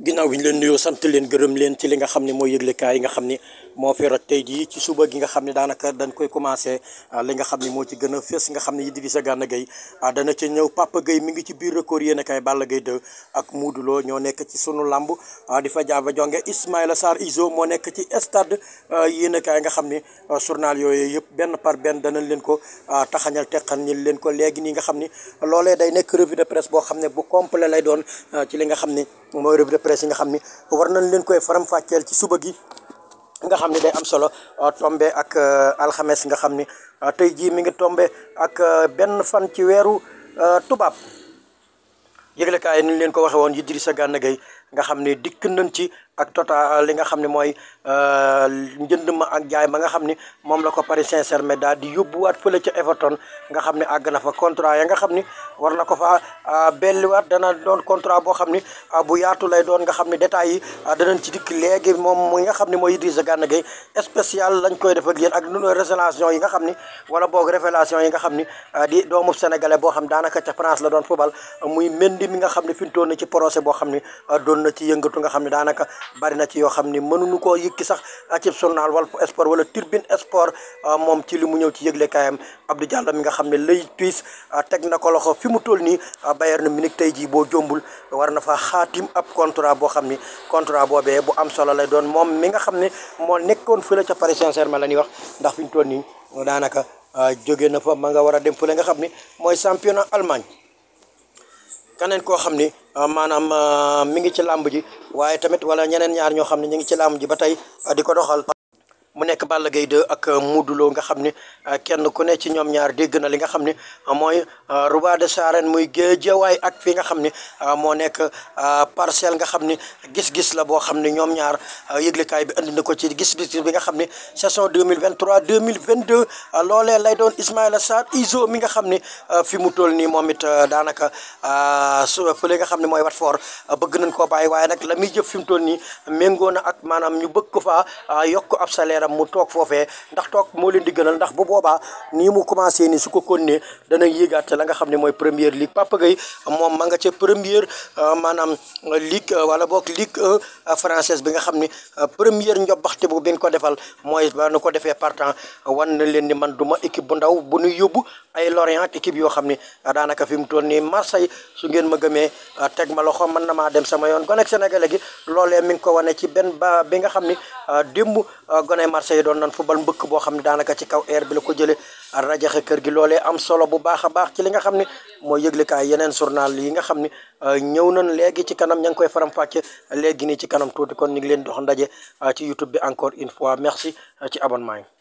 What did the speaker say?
ginnaaw bi ñu leen nuyoo sant leen gërëm leen ci li nga xam ne mooy yëglekaay yi nga xam ne moo fi rot tey jii ci suba gi nga xam ne daanaka dañ koy commencé ah, li nga xam ne moo ci gën a fës nga xam ne Idrissa Gana Gueye ah, dana ci ñëw Papa Gueye mi ngi ci biir record yéen a kay Balla Gaye ak Modou Lo ñoo nekk ci sunu lamb ah, di fa jaaba jonge Ismaïla Sarr Izo moo nekk ci stade yéen a kaay nga xam ne surnal yooyu yëpp benn par benn danañ leen ko taxañal teqan ni leen ko léegi nii nga xam ni loolee day nekk revue de presse boo xam ne bu complet lay doon ci li nga xam ni mooy revue de presse nga xam ni war nañ leen koy faram-fàcceel ci suba gi nga xam ne day am solo euh, tombe ak euh, alxames nga xam ni euh, tey jii mi ngi tombe ak benn fan ci weeru tubaab yëglekaay yi ni leen ko waxee woon Idrissa Gana Gueye nga xam ne dikk nañ ci ak total li nga xam ne mooy njënd ma ak jaay ma nga xam ni moom la ko Paris Saint-Germain daal di yóbbuwaat fële ca Everton nga xam ne àgg na fa contrat ya nga xam ni war na ko fa belliwaat dana doon contrat boo xam ni bu yaatu lay doon nga xam ne détails yi danañ ci dikk léegi moom mi nga xam ne mooy Idrissa Gana Gueye spécial lañ koy def yéen ak nu révélation yi nga xam ni wala boog révélation yi nga xam ni di doomu sénégalais boo xam daanaka ca prance la doon football muy Mendy mi nga xam ne fintoon na ci procès boo xam ni doon na ci yëngatu nga xam ne daanaka bari na ci yoo xam ni mënuñu koo yëkki sax ci journal Walf Sport wala Tribune Sport euh, moom ci li mu ñëw ci yëgle kaayam Abdou Diallo mi nga xam ne lay tuis euh, teg na ko loxo fi mu toll nii euh, Bayern Munich tey jii boo jombul war na fa xaatim ab contrat boo xam ni contrat bee bu am solo lay doon moom mi nga xam ne moo nekkoon fële ca Paris Saint-Germain la ñuy wax ndax fi mu toll nii daanaka jóge na fa ma nga war a dem fële nga xam ni mooy championnat Allemagne. keneen koo xam ni ah, maanaam ah, mi ngi ci làmb ji waaye tamit wala ñeneen ñaar ñoo xam ne ñu ngi ci làmb ji ba tey ah, di ko doxal. mu nekk Balla Gaye 2 ak Modou nga xam ni euh, kenn ku ne ci ñoom ñaar dégg na li nga xam ni euh, mooy euh, roi des arènes muy géejawaay ak fi nga xam ne moo nekk parcelle nga xam ni gis-gis la boo xam ne ñoom ñaar yëglekaay bi andi na ko ci gis-gis bi nga xam ne saison 2023 2022 loolee lay doon Ismaïla Sarr iso mi nga xam ni fi mu toll nii moom it daanaka su fële nga xam ne mooy Watford bëgg nañ ko bàyyi waaye nag la muy jëf fi mu toll nii méngoo na ak maanaam ñu bëgg ko faa yokk ab salaire itam mu toog foofee ndax toog moo leen di gënal ndax bu boobaa nii mu commencé ni su ko konnee dana yéegaat la nga xam ne mooy première ligue Papa Gueye moom ma nga ca première euh, maanaam ligue euh, wala boog ligue 1 euh, bi nga xam ne première njobaxte bu biñ ko defal mooy ba nu ko defee partant wan na leen ni man du ma équipe bu ndaw bu nu yóbbu ay Lorient équipe yoo xam ni daanaka fi mu toll nii Marseille su ngeen ma gëmee teg ma loxo mën na maa dem sama yoon gone ak Sénégalais gi loolee mi ngi ko wane ci benn ba bi nga xam ni démb gone Marseille doon nan football mbëkk boo xam ne daanaka ci kaw air bi la ko jëlee xe kër gi loole am solo bu baax a baax ci li nga xam ne mooy yëglekaay yeneen journal yi nga xam ne euh, ñëw nañ léegi ci kanam ña ngi koy faram-fàcce léegi nii ci kanam tuuti kon ñu ngi leen dox ndaje euh, ci YouTube bi encore une fois merci euh, ci abonnement yi